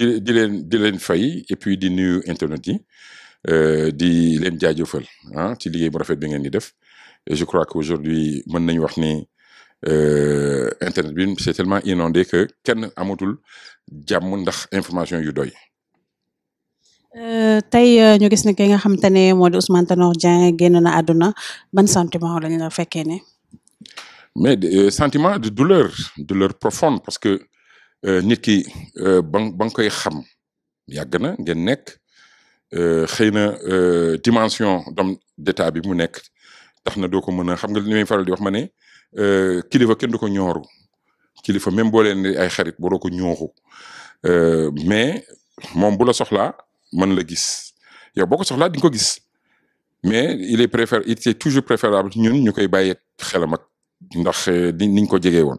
di di leen di len fay et puis di nuyu internet yi euh di leen jaajëfal hein ci liggéey bu rafet bi ngeen di def et je crois que aujourd'hui mën nañu wax ni euh internet bi c'est tellement inondé que kenn amatul jamm ndax information yu doy. Euh, tey euh, ñu gis ne ki nga xamante ne moo di Ousmane Tanor Dieng génn na àdduna ban sentiment lañu la fekkee ne. mais euh, sentiment de douleur douleur profonde parce que. Euh, nit ki bang euh, ba koy xam yàgg na ngeen nekk euh, xëy na dimension d'homme d'état bi mu nekk tax na doo ko mën a xam nga li may faral di wax ma ne kilifa kenn du ko ñooru kilifa même boo leen ay xarit waroo ko ñooxu mais moom bu la soxlaa mën la gis yow boo ko soxlaa di nga ko gis mais il est préféré il est toujours préférable ñun ñu koy bàyyi xelam ak ndax niñ ko jegee woon.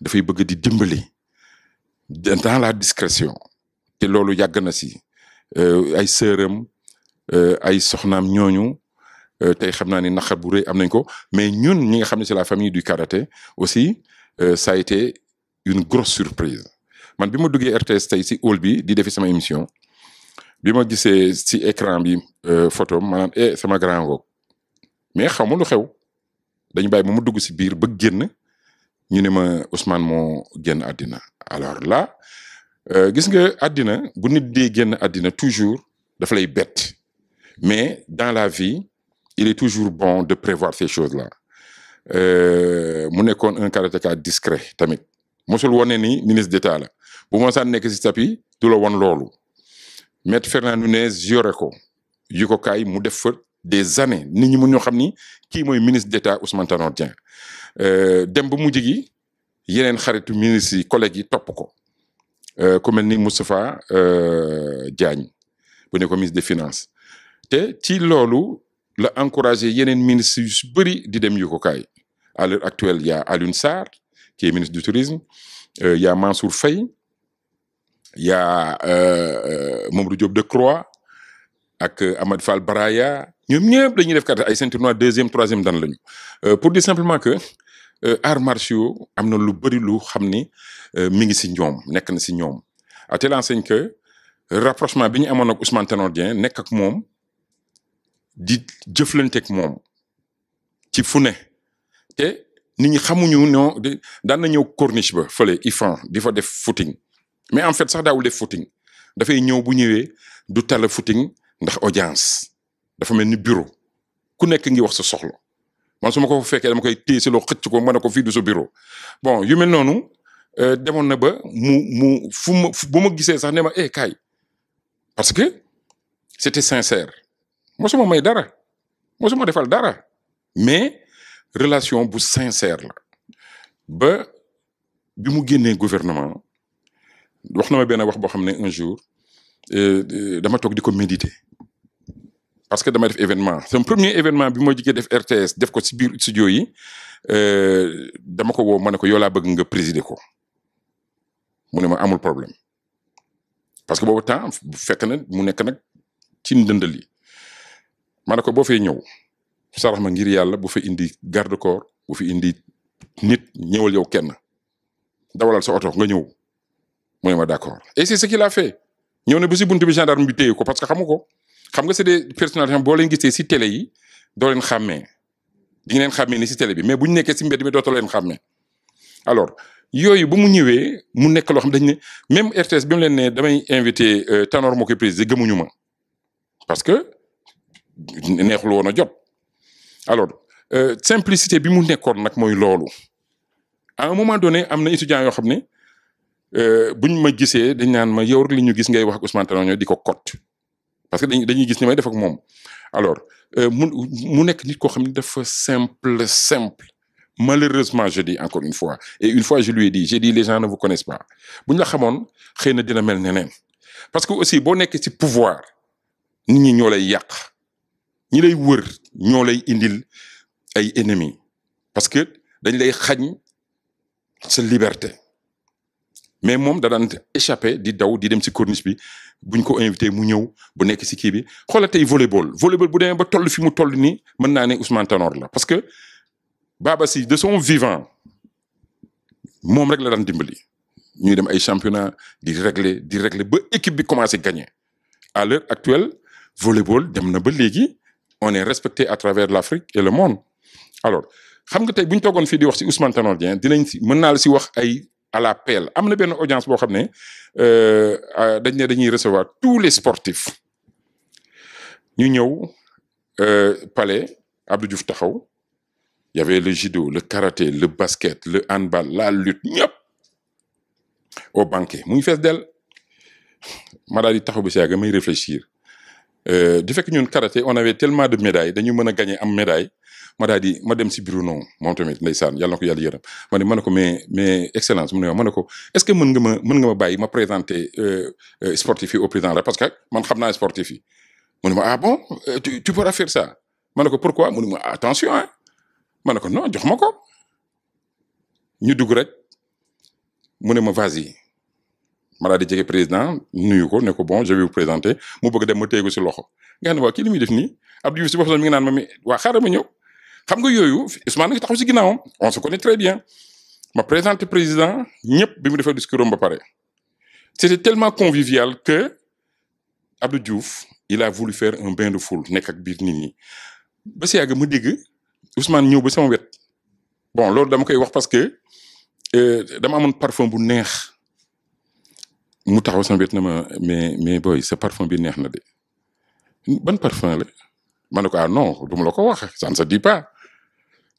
dafay bëgg di dimbali dans la discrétion té lolu yàgg na euh ay euh ay soxnam ñooñu euh tay xamna ni naqar bu rëy am nañ ko mais ñun ñi nga xamni c'est la famille du karaté aussi euh, ça a été une grosse surprise man bima duggé RTS tay ci hall bi di defi sama émission bima gissé ci écran bi euh, photo maanaam eh sama grand ngoog mais xaw lu xew dañ bay ba mu dugg ci biir ba génn ñu ne ma Ousmane moo génn àddina alors là euh, gis nga àddina bu nit dee génn àddina toujours dafa lay bett mais dans la vie il est toujours bon de prévoir ces choses là euh, mu nekkoon un karatéka discret tamit mosul wone ni ministre d'état la bu ma saan nekk si tapis du la won loolu maître Fernand Nunez yore ko yu ko kaay mu def fa des années nit ñi mun ñoo xam ni kii mooy ministre d'état Ousmane Tanordien. Euh, dem y mujj gi yeneen xaritu yi collègues yi topp ko euh, ku mel ni Moustapha euh, Diagne bu ne ko ministre des finances te ci loolu la encouragé yeneen ministres yu la bëri di dem yu à l'heure actuelle il y a Alun Sarr qui est ministre du tourisme il y a Mansour Fay, il y a Mamadou Diop Croix ak Ahmed Fall Baraya ñoom ñëpp dañuy def deuxième troisième le lañu euh, pour dire simplement que euh, arts martiaux am lu lu euh, mi ngi à enseigne que rapprochement bi ñu ak Ousmane Tenordien ak moom di moom ci fu ne te nit non corniche footing mais en fait sax daawul def footing bu du footing ndax audience dafa mel ni bureau ku nekk ngi wax sa soxla man su ko fekkee koy si xëcc ko ma ko du bureau bon yu mel noonu euh, demoon na ba mu mu fu ma bu sax ne ma eh parce que c'était sincère suis may dara mosuma defal dara mais relation bu sincère la ba bi mu génnee gouvernement wax na ma benn wax un jour euh, euh, dama toog méditer parce que dama def événement un premier événement bi ma jugee def RTS def ko ci biir studio yi euh, dama ko wo mané ko yo la bëgg nga présider ko mu ne ma amul problème parce que bobu temps fekk na mu nek nak ci ndëndal yi mané ko bo fay ñëw sarax ma ngir yalla bu fi indi garde corps bu fi indi nit ñëwal yow kenn dawalal sa auto nga ñëw mu ne ma d'accord et c'est ce qu'il a fait ñëw na bu ci buntu bi gendarme bi téye ko parce que xamuko xam nga c'est des personnalités boo leen gisee si télé yi doo leen xàmmee di leen xàmmee ni si télé bi mais bu ñu nekkee si mbedd mi dootoo leen xàmmee alors yooyu bu mu ñëwee mu nekk loo xam dañ ne même RTS bi mu leen ne damay invité euh, Tanor moo koy présider gëmuñu ma parce que neexul woon a jot alors euh, simplicité bi mu nekkoon nag mooy loolu à un moment donné am na étudiants yoo xam ne euh, buñ ma gisee dañ naan ma yow rek li ñu gis ngay wax ak Ousmane Tanor ñooy di ko cote parce que dañuy gis ni may def ak mom alors euh, mu mu nekk nit ko xamni dafa simple simple malheureusement je dis encore une fois et une fois je lui ai dit j'ai dit les gens ne vous connaissent pas buñ la xamone xeyna dina mel neneen parce que aussi bo nek ci pouvoir nit ñi ñolay yaq ñi lay wër ñolay indil ay ennemis parce que dañ lay xagn sa liberté mais mom da dan échappé di daw di dem ci corniche bi buñ ko invité mu ñew bu nekk ci ki bi xoola tey volleyball volleyball bu demee ba toll fi mu toll ni mën naa ne Ousmane Tanor la parce que Baba si de son vivant mom rek la dan dimbali ñuy dem ay championnat di régler di régler ba équipe bi commencé gagner à l'heure actuelle volleyball dem na ba légui on est respecté à travers l'Afrique et le monde alors xam nga tay buñ togon fi di wax ci Ousmane Tanor Dieng dinañ si mën naa la si wax ay à l'appel am na benn audience bo xamné euh, euh dañ né recevoir tous les sportifs ñu ñëw euh, palais Abdou Diouf taxaw y avait le judo le karaté le basket le handball la lutte ñëpp au banquet Muy fess fait dell ma daal di taxaw ba si réfléchir. may réfléchir euh, du que ñun karaté on avait tellement de médailles dañu mën a gagner am médaille ma daal di ma dem si Bruno moom tamit ndeysaan yàlla na ko yàlla yërëm ma ne ma ne ko mais mais excellence mu ne ma ne ko est ce que mën nga ma mën nga ma bàyyi ma présenter euh, euh, sportif yi au président la parce que man xam naa sportif yi mu ne ma ah bon euh, tu tu pourras faire ça ma ne ko pourquoi mu ne ma attention hein ma ne ko non jox ma ko ñu dugg rek mu ne ma vas-y ma daal di jege président nuyu ko ne ko bon je vais vous présenter mu bëgg dem ma téye ko si loxo nga xam ne waa kii li muy def nii Abdou Diouf si mi ngi naan ma mi waa xaaral ma ñëw xam nga yooyu Ousmane nga taxaw si ginnaawam on se connaît très bien ma présenté président ñëpp bi mu defee discours ba pare. c'était tellement convivial que Abdou Diouf il a voulu faire un bain de foule nekk ak biir nit ñi ba si yàgg ma dégg Ousmane ñëw ba sama wet bon loolu dama koy wax parce que euh, dama amoon parfum bu neex mu taxaw sama wet na ma mais mais boy sa parfum bi neex na de ban parfum la ma ne ko ah non du ma la ko wax ça ne se dit pas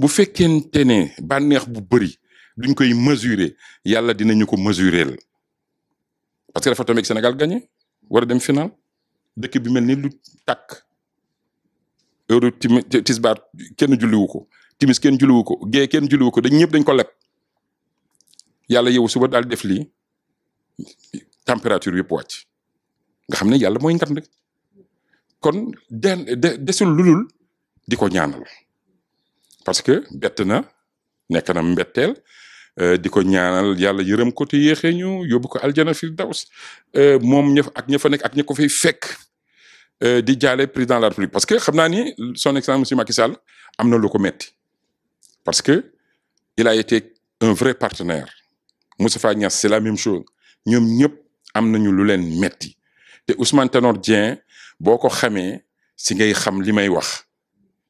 bu fekkente ne bànneex bu bëri duñ koy mesurer yàlla dinañu ko mesurer parce que dafa tombé senegal Sénégal wara war a dem final dëkk bi mel ni lu tàkk heure tim tisbaar kenn julliwu ko timis kenn julliwu ko gée kenn julliwu ko dañ ñëpp dañ ko leb yàlla yow suba daal def lii température yëpp wàcc nga xam ne yàlla mooy ndam rek kon de desul lulul di ko ñaanal parce que bett nek na mbettel euh diko ñaanal yalla yeureum ko te yéexee ñu yóbbu ko aljana euh mom ña ak ñafa nek ak ña ko fek euh di jaale président de la république parce que xamna ni son excellence monsieur Macky Sall amna lu ko metti parce que il a été un vrai partenaire Moustapha Niass c'est la même chose ñom ñep amna ñu lu len metti té Ousmane Tanor Dien boko xamé xamee si ngay xam limay wax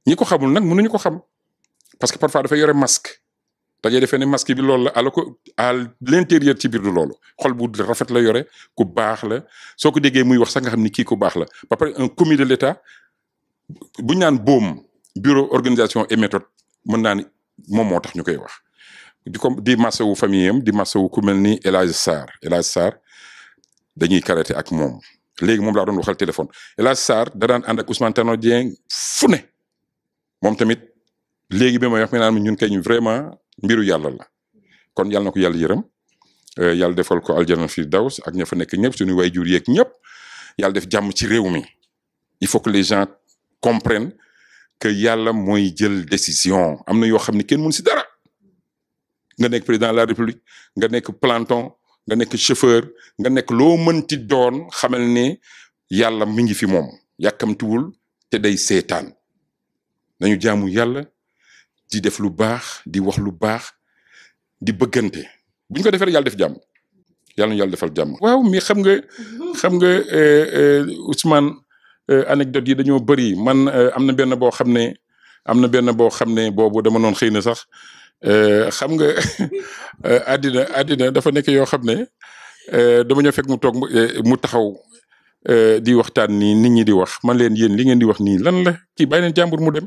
ñiko ko xamul nag mënuñu ko xam parce que parfois dafa yoré masque da ngay defee ne masque bi lool la alors à l'intérieur ci bir du lool xol bu rafet la yoré ku bax la soko ko muy wax sa nga xamni ki ku bax la ba pare un comité de l'État bu ñu naan boom bureau organisation et méthode mën naa mom motax ñukay wax. di ko di masawu famille am di masawu ku melni ni El Hadj Sarr El Hadj dañuy karaté ak mom légui mom la doon waxal téléphone El Hadj da daan and ak Ousmane tanodien fune mom tamit léegi bi may wax mi naan ñun kay ñu vraiment mbiru yàlla la kon yàlla na ko yàlla yërëm euh, yàlla defal ko aljana fi daws ak ña fa nekk ñëpp suñu way jur yeeg ñëpp yàlla def jàmm ci réew mi il faut que les gens comprennent que yàlla mooy jël décision am na yoo xam ne kenn mun si dara nga nekk président de la république nga nekk planton nga nekk chauffeur nga nekk loo mënti doon xamal ne yàlla mi ngi fi moom yàkkamtiwul te day seetaan nañu jaamu yàlla di def lu baax di wax lu baax di bëggante bu ko defee yàlla def jam yàlla na yàlla defal jàmm. waaw mais xam nga xam nga euh, euh, Ousmane euh, anecdote yi dañoo bëri man am na benn boo xam ne am na benn boo xam ne boobu dama noon xëy na sax xam nga àddina àddina dafa nekk yoo xam ne dama ñëw fek mu toog mu taxaw. di waxtaan nii nit ñi di wax man leen yéen li ngeen di wax nii lan la ki bàyyi leen jàmbur mu dem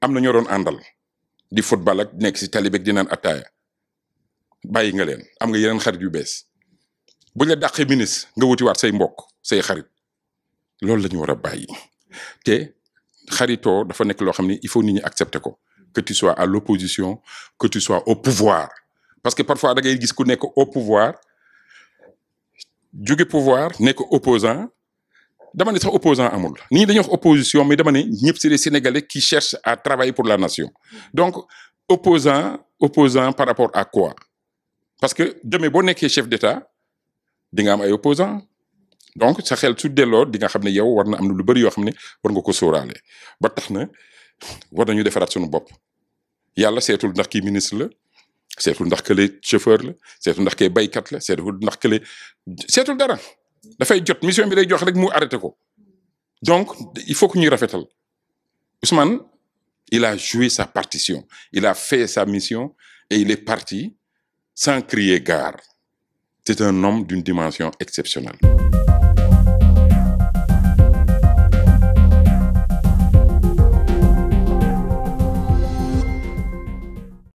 amna na ñoo doon àndal di football ak nekk si talibek beeg di naan bàyyi nga leen am nga yeneen xarit yu bees buñ la dàqee ministre nga waat say mbokk say xarit loolu lañu war a bàyyi te xaritoo dafa nekk loo xam ne il faut nit ñi accepter ko que tu sois à l'opposition que tu sois au pouvoir parce que parfois da ngay gis ku nekk au pouvoir jóge pouvoir nekk opposant dama ne sax opposant à nii ni wax opposition mais dama ne ñëpp c'est des sénégalais qui cherchent à travailler pour la nation donc opposant opposant par rapport à quoi parce que demee boo nekkee chef d'état di nga am ay opposant donc sa xel su delloo di nga xam ne yow war na am na lu a yoo xam ne war nga ko sóoraale ba tax na war bob y suñu là c'est tout ndax kii ministre c'est tout ndax kële chauffeur le seetul ndax c'est baykat le seetul ndax tout le dara fay jot mission bi day jox rek mu arrêté ko donc il faut que ñu rafetal Ousmane il a joué sa partition il a fait sa mission et il est parti sans crier gare c'est un homme d'une dimension exceptionnelle